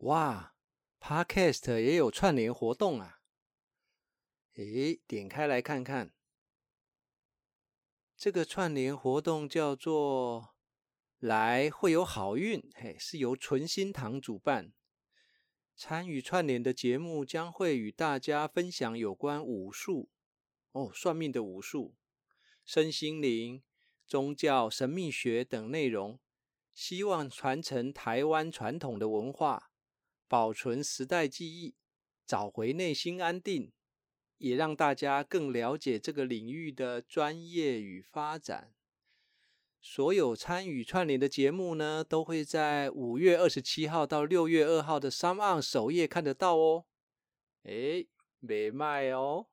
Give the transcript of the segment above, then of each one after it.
哇，Podcast 也有串聯活動啊！誒，點開來看看。這個串聯活動叫做“來會有好運”，嘿，是由存心堂主辦。參與串聯的節目將會與大家分享有關五術、哦算命的五術、身心靈、宗教、神秘學等內容，希望傳承台灣傳統的文化。保存時代記憶，找回內心安定，也讓大家更了解這個領域的專業與發展。所有參與串聯的節目呢，都會在五月二十七號到六月二號的 SoundOn 首頁看得到哦。哎，沒賣哦。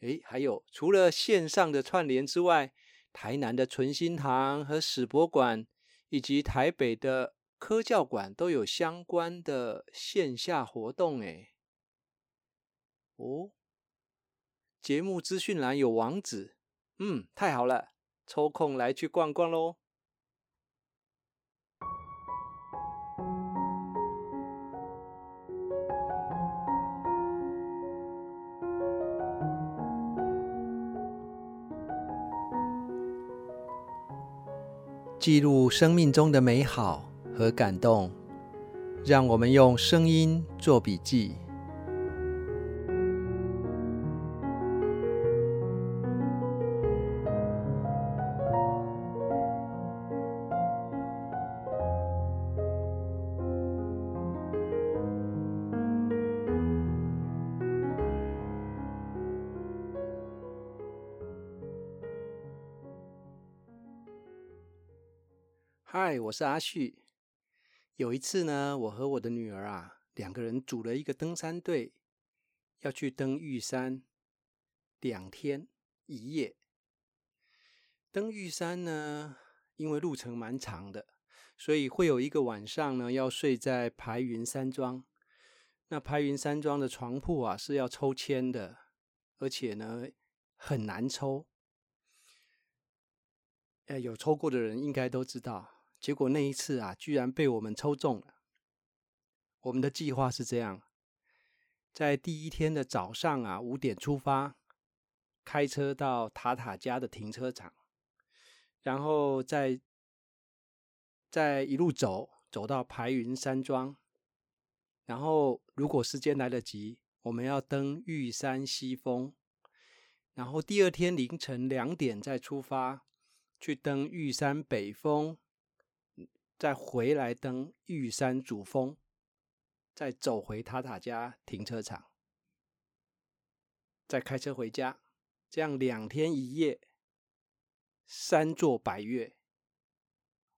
哎，還有，除了線上的串聯之外，台南的存心堂和史博館，以及台北的。科教館都有相關的線下活動，哎，哦，節目資訊欄有網址。嗯，太好了，抽空來去逛逛嘍。記錄生命中的美好，和感動，讓我們用聲音做筆記。Hi，我是阿旭。有一次呢，我和我的女兒啊，兩個人組了一個登山隊，要去登玉山，兩天一夜。登玉山呢，因為路程蠻長的，所以會有一個晚上呢，要睡在排雲山莊。那排雲山莊的床鋪啊，是要抽籤的，而且呢，很難抽。哎，有抽過的人應該都知道。結果那一次啊，居然被我們抽中了。我們的計劃是這樣：在第一天的早上啊，五點出發，開車到塔塔家的停車場，然後再再一路走走到排雲山莊。然後如果時間來得及，我們要登玉山西峰。然後第二天凌晨兩點再出發去登玉山北峰。再回來登玉山主峰，再走回塔塔加停車場，再開車回家，這樣兩天一夜，三座百岳。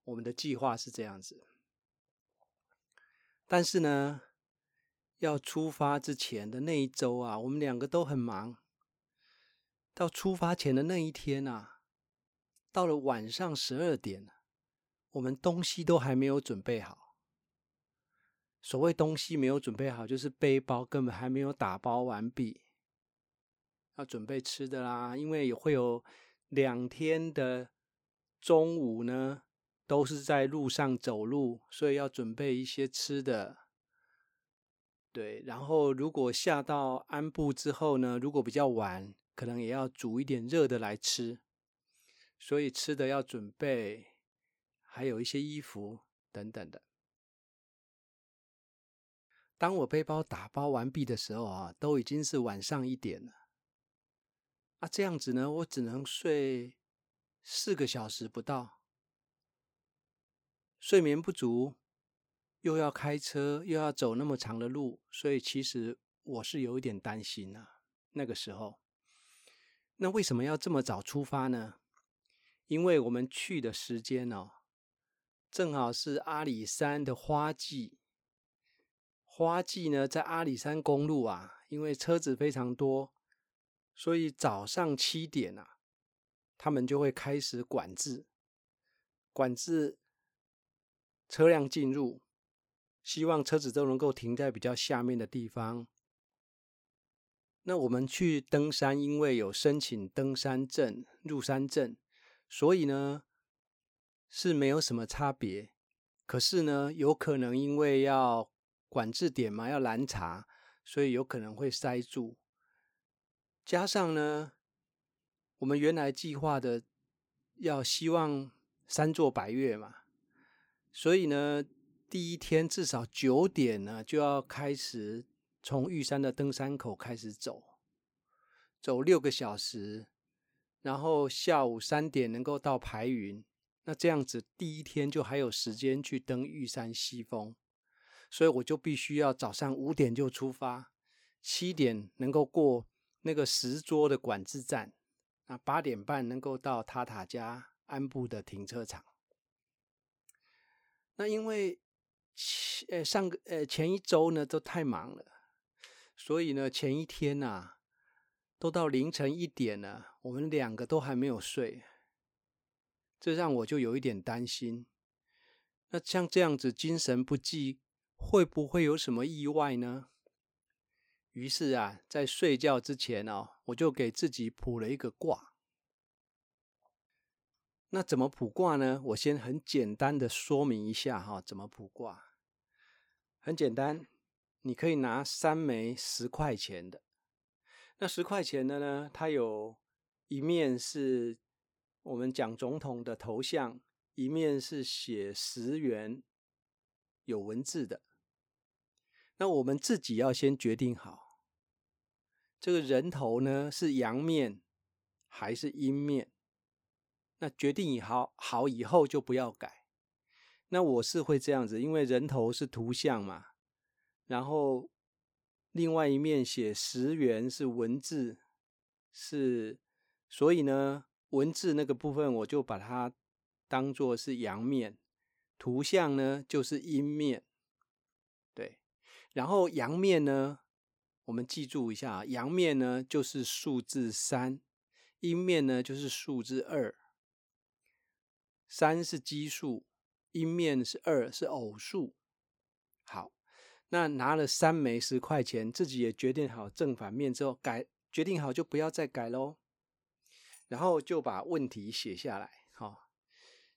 我們的計劃是這樣子，但是呢，要出發之前的那一週啊，我們兩個都很忙。到出發前的那一天啊，到了晚上十二點。我們東西都還沒有準備好。所謂東西沒有準備好，就是背包根本還沒有打包完畢。要準備吃的啦，因為也會有兩天的中午呢，都是在路上走路，所以要準備一些吃的。對，然後如果下到安布之後呢，如果比較晚，可能也要煮一點熱的來吃，所以吃的要準備。還有一些衣服等等的。當我背包打包完畢的時候啊，都已經是晚上一點了。啊，這樣子呢，我只能睡四個小時不到，睡眠不足，又要開車，又要走那麼長的路，所以其實我是有一點擔心啊，那個時候。那為什麼要這麼早出發呢？因為我們去的時間哦、啊。正好是阿里山的花季，花季呢，在阿里山公路啊，因為車子非常多，所以早上七點啊，他們就會開始管制，管制車輛進入，希望車子都能夠停在比較下面的地方。那我們去登山，因為有申請登山證、入山證，所以呢。是沒有什麼差別，可是呢，有可能因為要管制點嘛，要攔查，所以有可能會塞住。加上呢，我們原來計劃的要希望三座百岳嘛，所以呢，第一天至少九點呢就要開始從玉山的登山口開始走，走六個小時，然後下午三點能夠到排雲。那這樣子，第一天就還有時間去登玉山西峰，所以我就必須要早上五點就出發，七點能夠過那個石桌的管制站，那八點半能夠到塔塔加鞍部的停車場。那因為前呃、欸、上個呃、欸、前一周呢都太忙了，所以呢前一天呢、啊、都到凌晨一點了，我們兩個都還沒有睡。這讓我就有一點擔心。那像這樣子精神不濟，會不會有什麼意外呢？於是啊，在睡覺之前哦、啊，我就給自己卜了一個卦。那怎麼卜卦呢？我先很簡單的說明一下哈、啊，怎麼卜卦。很簡單，你可以拿三枚十塊錢的。那十塊錢的呢，它有一面是。我們講總統的頭像，一面是寫十元有文字的，那我們自己要先決定好，這個人頭呢是陽面還是陰面，那決定以好好以後就不要改。那我是會這樣子，因為人頭是圖像嘛，然後另外一面寫十元是文字，是所以呢。文字那個部分，我就把它當做是陽面，圖像呢就是陰面，對。然後陽面呢，我們記住一下，陽面呢就是數字三，陰面呢就是數字二。三是奇數，陰面是二是偶數。好，那拿了三枚十塊錢，自己也決定好正反面之後，改，決定好就不要再改嘍。然後就把問題寫下來。好，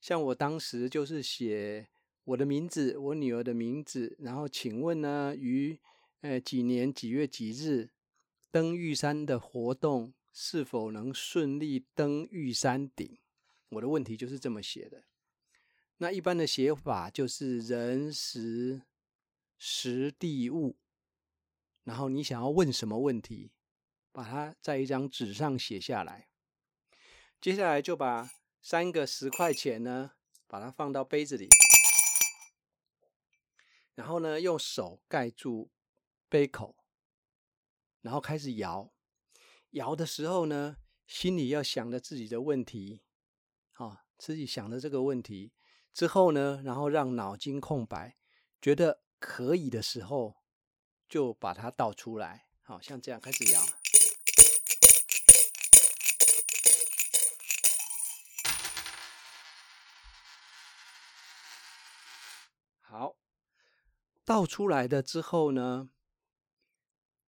像我當時就是寫我的名字、我女兒的名字，然後請問呢，於呃幾年幾月幾日登玉山的活動是否能順利登玉山頂？我的問題就是這麼寫的。那一般的寫法就是人事時地物，然後你想要問什麼問題，把它在一張紙上寫下來。接下來就把三個十塊錢呢，把它放到杯子裡，然後呢，用手蓋住杯口，然後開始搖。搖的時候呢，心裡要想着自己的問題，哦，自己想着這個問題之後呢，然後讓腦筋空白，覺得可以的時候就把它倒出來，好，哦，像這樣開始搖。好，倒出來的之後呢，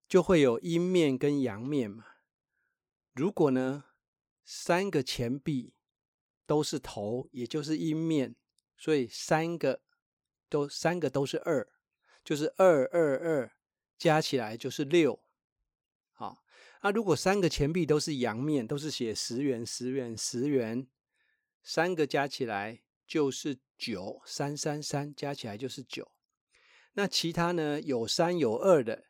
就會有陰面跟陽面嘛。如果呢，三個錢幣都是頭，也就是陰面，所以三個都三個都是二，就是二二二，加起來就是六。好，那、啊、如果三個錢幣都是陽面，都是寫十元十元十元，三個加起來就是。九三三三加起來就是九，那其他呢？有三有二的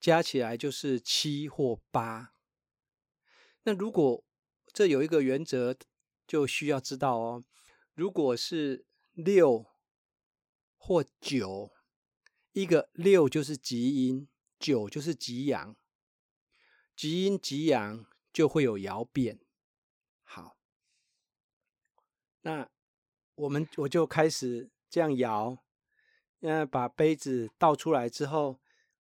加起來就是七或八。那如果這有一個原則，就需要知道哦。如果是六或九，一個六就是極陰，九就是極陽，極陰極陽就會有爻變。好，那。我們我就開始這樣搖，那把杯子倒出來之後，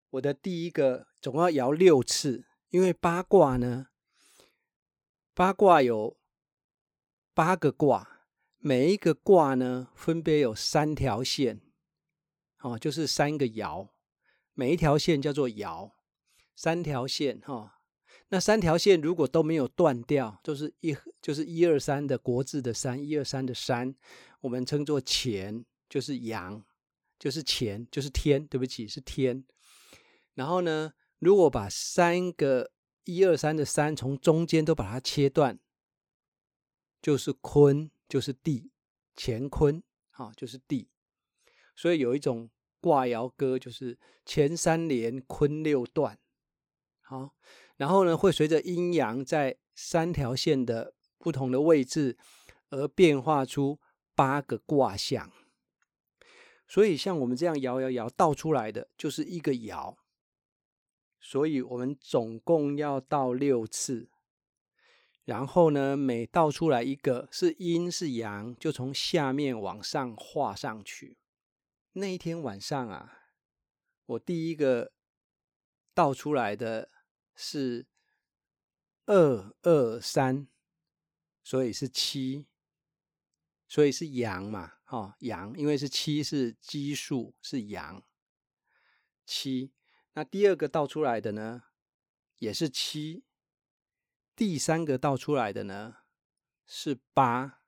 我的第一個總要搖六次，因為八卦呢，八卦有八個卦，每一個卦呢分別有三條線，哦，就是三個爻，每一條線叫做爻，三條線哈。哦那三條線如果都沒有斷掉，就是一就是一二三的國字的三，一二三的三，我們稱作乾，就是陽，就是乾，就是天。對不起，是天。然後呢，如果把三個一二三的三從中間都把它切斷，就是坤，就是地，乾坤，好、哦，就是地。所以有一種卦爻歌，就是乾三連，坤六斷，好、哦。然後呢，會隨着陰陽在三條線的不同的位置而變化出八個卦象。所以像我們這樣搖搖搖倒出來的就是一個爻。所以我們總共要倒六次。然後呢，每倒出來一個是陰是陽，就從下面往上畫上去。那一天晚上啊，我第一個倒出來的。是二二三，所以是七，所以是陽嘛，哈、哦、陽，因為是七是奇數是陽，七。那第二個倒出來的呢，也是七，第三個倒出來的呢，是八，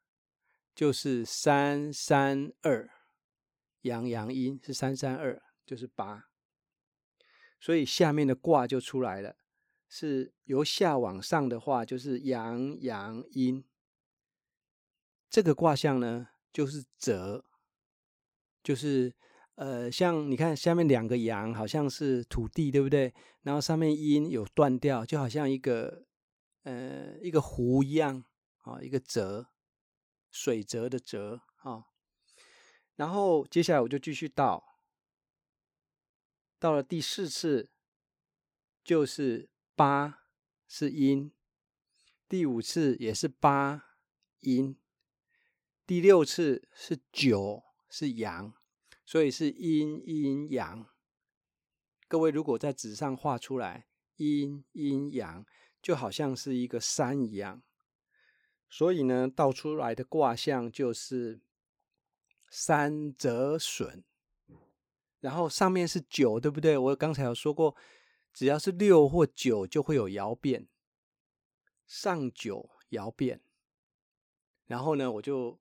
就是三三二，陽陽陰是三三二，就是八，所以下面的卦就出來了。是由下往上的話，就是陽陽陰，這個卦象呢就是澤，就是呃，像你看下面兩個陽好像是土地，對不對？然後上面陰有斷掉，就好像一個呃一個湖一樣啊、哦，一個澤，水澤的澤啊、哦。然後接下來我就繼續倒，到了第四次就是。八是陰，第五次也是八陰，第六次是九是陽，所以是陰陰陽。各位如果在紙上畫出來，陰陰陽就好像是一個山一樣，所以呢，倒出來的卦象就是三折損，然後上面是九，對不對？我剛才有說過。只要是六或九就會有爻變，上九爻變。然後呢，我就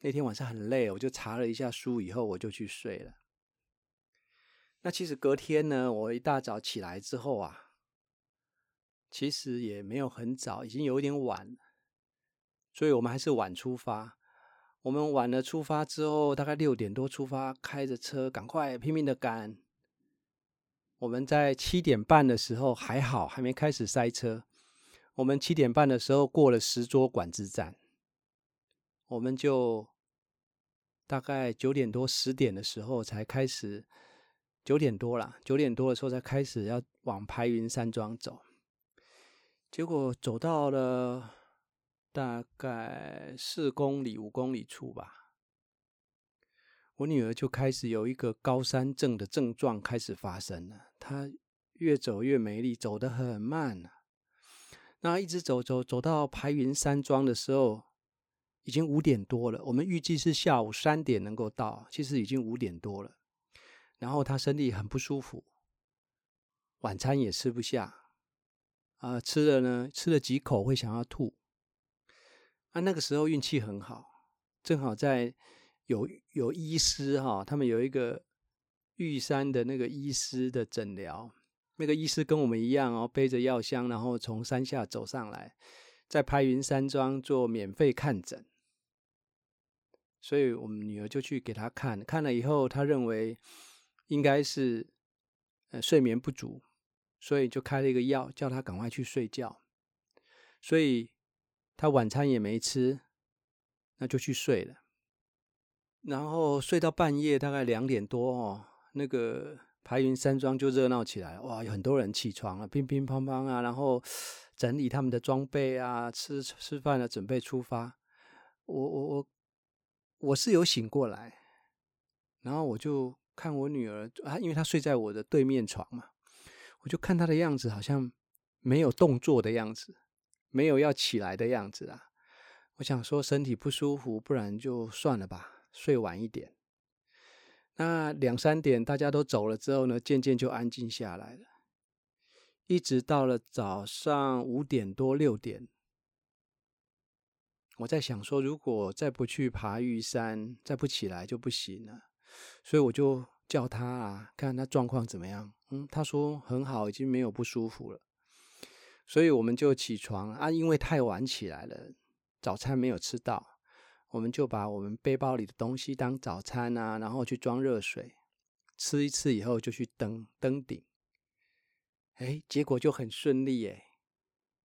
那天晚上很累，我就查了一下書，以後我就去睡了。那其實隔天呢，我一大早起來之後啊，其實也沒有很早，已經有一點晚，所以我們還是晚出發。我們晚了出發之後，大概六點多出發，開着車趕快拼命的趕。我們在七點半的時候還好，還沒開始塞車。我們七點半的時候過了石桌管制站，我們就大概九點多、十點的時候才開始。九點多了，九點多的時候才開始要往排雲山莊走。結果走到了大概四公里、五公里處吧。我女兒就開始有一個高山症的症狀開始發生了，她越走越沒力，走得很慢，啊、那一直走走走到排雲山莊的時候，已經五點多了。我們預計是下午三點能夠到，其實已經五點多了。然後她身體很不舒服，晚餐也吃不下，啊、呃，吃了呢吃了幾口會想要吐。啊，那個時候運氣很好，正好在。有有醫師哈、哦，他們有一個玉山的那個醫師的診療，那個醫師跟我們一樣哦，背着藥箱，然後從山下走上來，在排雲山莊做免費看診，所以我們女兒就去給他看看了以後，他認為應該是呃睡眠不足，所以就開了一個藥，叫他趕快去睡覺，所以他晚餐也沒吃，那就去睡了。然後睡到半夜，大概兩點多哦，那個排雲山莊就熱鬧起來，哇，有很多人起床了，啊，乒乒乓乓乓啊，然後整理他們的裝備啊，吃吃飯了，啊，準備出發。我我我我是有醒過來，然後我就看我女兒啊，因為她睡在我的對面床嘛，我就看她的樣子好像沒有動作的樣子，沒有要起來的樣子啊。我想說身體不舒服，不然就算了吧。睡晚一點，那兩三點大家都走了之後呢，漸漸就安靜下來了，一直到了早上五點多六點，我在想說，如果再不去爬玉山，再不起來就不行了，所以我就叫他啊，看他狀況怎麼樣？嗯，他說很好，已經沒有不舒服了，所以我們就起床啊，因為太晚起來了，早餐沒有吃到。我們就把我們背包裡的東西當早餐啊，然後去裝熱水，吃一次以後就去登登頂。哎，結果就很順利哎，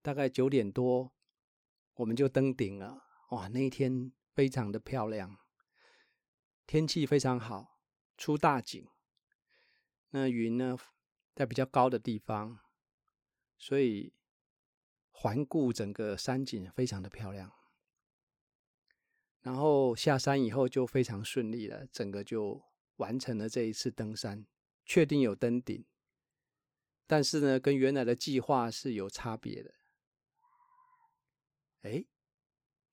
大概九點多我們就登頂了。哇，那一天非常的漂亮，天氣非常好，出大景。那雲呢，在比較高的地方，所以環顧整個山景非常的漂亮。然後下山以後就非常順利了，整個就完成了這一次登山，確定有登頂。但是呢，跟原來的計劃是有差別的。哎，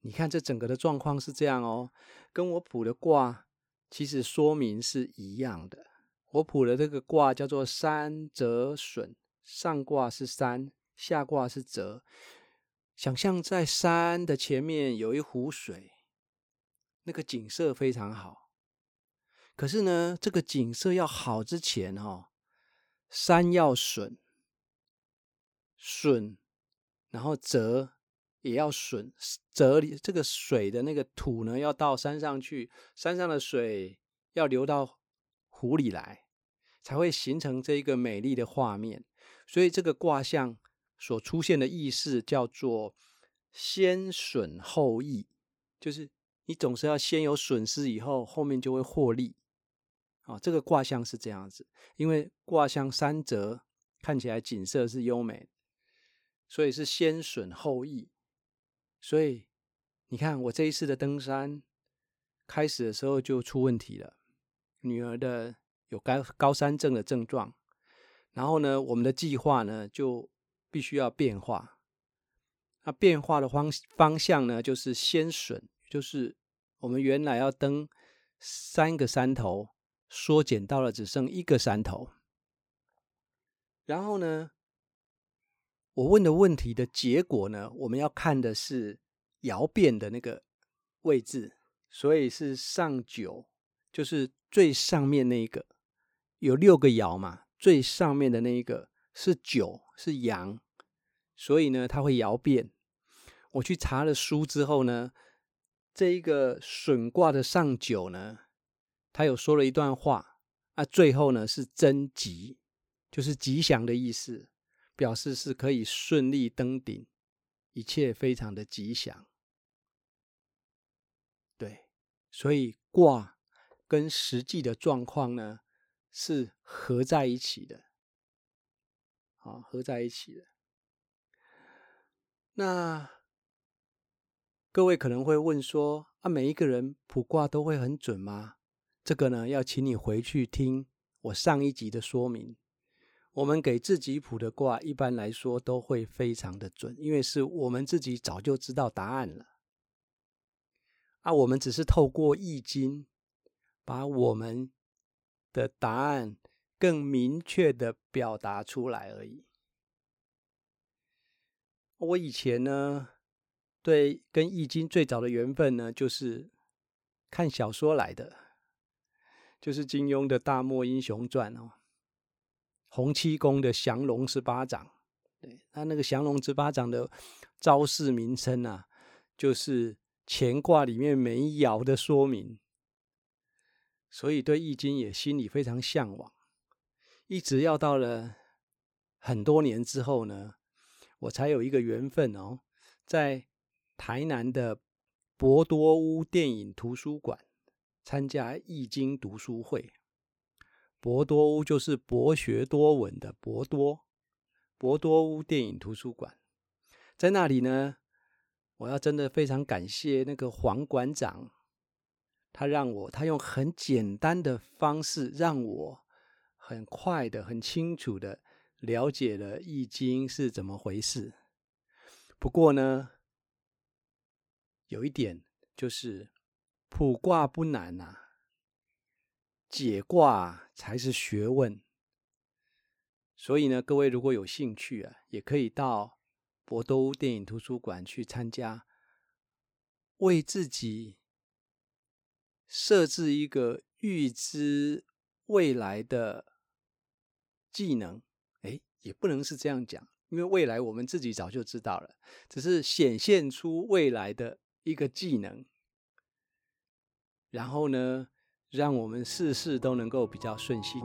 你看這整個的狀況是這樣哦，跟我卜的卦其實說明是一樣的。我卜的這個卦叫做“山澤損”，上卦是山，下卦是澤。想象在山的前面有一湖水。那個景色非常好，可是呢，這個景色要好之前，哦，哈，山要損損，然後澤也要損，澤裡這個水的那個土呢，要到山上去，山上的水要流到湖裡來，才會形成這一個美麗的畫面。所以這個卦象所出現的意思叫做“先損後益”，就是。你總是要先有損失，以後後面就會獲利，啊、哦，這個卦象是這樣子，因為卦象三折看起來景色是優美，所以是先損後益。所以你看我這一次的登山，開始的時候就出問題了，女兒的有高高山症的症狀，然後呢，我們的計劃呢就必須要變化，那變化的方方向呢就是先損。就是我們原來要登三個山頭，縮減到了只剩一個山頭。然後呢，我問的問題的結果呢，我們要看的是爻變的那個位置，所以是上九，就是最上面那一個，有六個爻嘛，最上面的那一個是九，是陽，所以呢，它會爻變。我去查了書之後呢。這一個損卦的上九呢，他有說了一段話，那、啊、最後呢是貞吉，就是吉祥的意思，表示是可以順利登頂，一切非常的吉祥。對，所以卦跟實際的狀況呢是合在一起的，啊，合在一起的。那。各位可能會問說：啊，每一個人卜卦都會很準嗎？這個呢，要請你回去聽我上一集的說明。我們給自己卜的卦，一般來說都會非常的準，因為是我們自己早就知道答案了。啊，我們只是透過易經，把我們的答案更明確的表達出來而已。我以前呢，對，跟《易經》最早的緣分呢，就是看小說來的，就是金庸的《大漠英雄傳》哦，洪七公的降龍十八掌。對他那個降龍十八掌的招式名稱啊，就是乾卦裡面每一爻的說明，所以對《易經》也心裡非常向往。一直要到了很多年之後呢，我才有一個緣分哦，在台南的博多屋電影圖書館參加《易經》讀書會，博多屋就是博學多聞的博多，博多屋電影圖書館，在那裡呢，我要真的非常感謝那個黃館長，他讓我他用很簡單的方式讓我很快的、很清楚的了解了《易經》是怎麼回事，不過呢。有一點就是，卜卦不難吶、啊，解卦才是學問。所以呢，各位如果有興趣啊，也可以到博多屋電影圖書館去參加，為自己設置一個預知未來的技能。哎，也不能是這樣講，因為未來我們自己早就知道了，只是顯現出未來的。一個技能，然後呢，讓我們事事都能夠比較順心。